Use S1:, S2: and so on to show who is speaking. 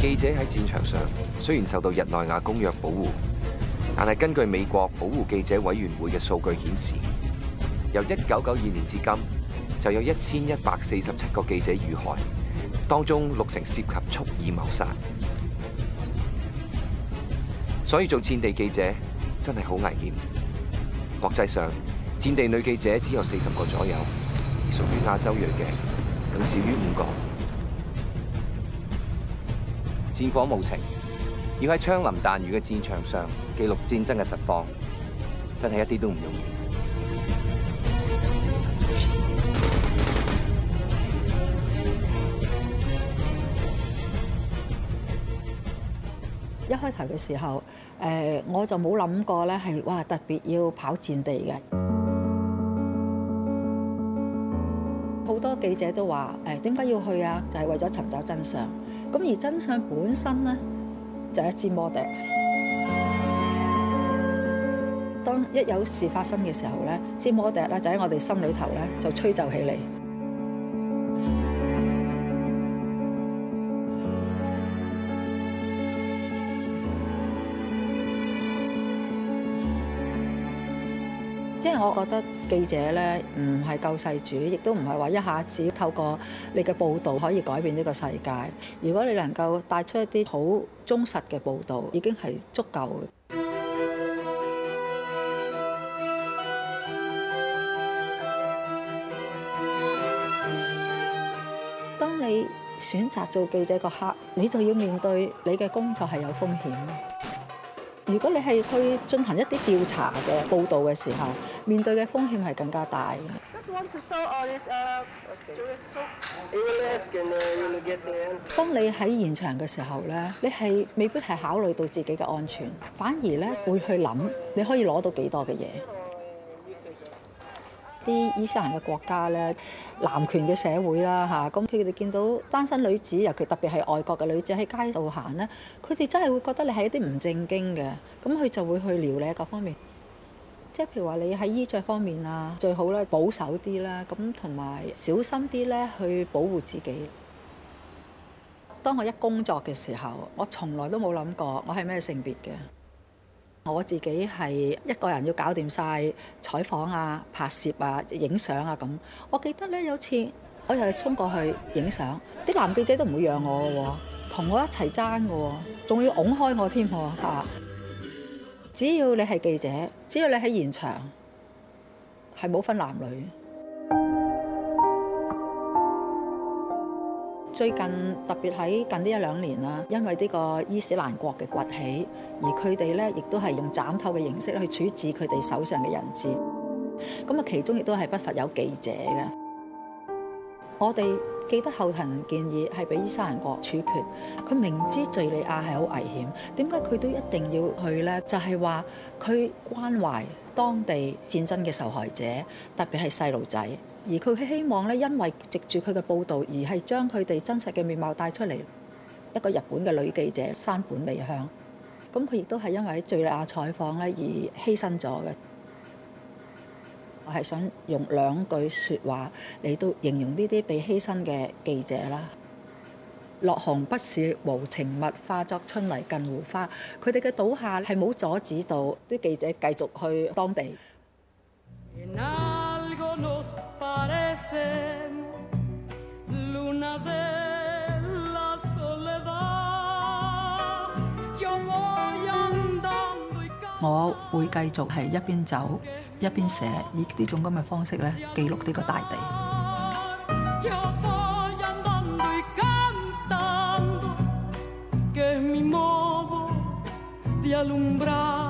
S1: 記者喺戰場上雖然受到日內瓦公約保護，但係根據美國保護記者委員會嘅數據顯示，由一九九二年至今就有一千一百四十七個記者遇害，當中六成涉及蓄意謀殺。所以做戰地記者真係好危險。國際上戰地女記者只有四十個左右，屬於亞洲裔嘅更少於五個。戰火無情，要喺槍林彈雨嘅戰場上記錄戰爭嘅實況，真係一啲都唔容易。
S2: 一開頭嘅時候，誒，我就冇諗過咧，係哇特別要跑戰地嘅。好多記者都話，誒，點解要去啊？就係、是、為咗尋找真相。咁而真相本身咧，就是一支魔笛。當一有事發生嘅時候咧，支魔笛咧就喺我哋心裏頭咧就吹奏起嚟。因為我覺得記者咧唔係救世主，亦都唔係話一下子透過你嘅報導可以改變呢個世界。如果你能夠帶出一啲好忠實嘅報導，已經係足夠嘅。 當你選擇做記者嗰刻，你就要面對你嘅工作係有風險嘅。如果你係去進行一啲調查嘅報導嘅時候，面對嘅風險係更加大嘅。當你喺現場嘅時候咧，你係未必係考慮到自己嘅安全，反而咧會去諗你可以攞到幾多嘅嘢。啲伊斯蘭嘅國家咧，男權嘅社會啦嚇，咁佢哋見到單身女子，尤其特別係外國嘅女子喺街度行咧，佢哋真係會覺得你係一啲唔正經嘅，咁佢就會去撩你啊各方面。即係譬如話你喺衣着方面啊，最好咧保守啲啦，咁同埋小心啲咧去保護自己。當我一工作嘅時候，我從來都冇諗過我係咩性別嘅。我自己係一個人要搞掂晒採訪啊、拍攝啊、影相啊咁。我記得咧有次我又衝過去影相，啲男記者都唔會讓我喎，同我一齊爭嘅喎，仲要拱開我添喎、吓，只要你係記者，只要你喺現場，係冇分男女。最近，特別喺近呢一兩年啦，因為呢個伊斯蘭國嘅崛起，而佢哋呢亦都係用斬頭嘅形式去處置佢哋手上嘅人質，咁啊其中亦都係不乏有記者嘅。我哋記得後藤健二係俾伊斯蘭國處決，佢明知敍利亞係好危險，點解佢都一定要去呢？就係話佢關懷當地戰爭嘅受害者，特別係細路仔，而佢希望咧，因為藉住佢嘅報導而係將佢哋真實嘅面貌帶出嚟。一個日本嘅女記者山本美香，咁佢亦都係因為喺敍利亞採訪咧而犧牲咗嘅。係想用兩句説話，嚟到形容呢啲被犧牲嘅記者啦。落紅不是無情物，化作春泥更護花。佢哋嘅倒下係冇阻止到啲記者繼續去當地。我會繼續係一邊走一邊寫，以呢種咁嘅方式咧，記錄呢個大地。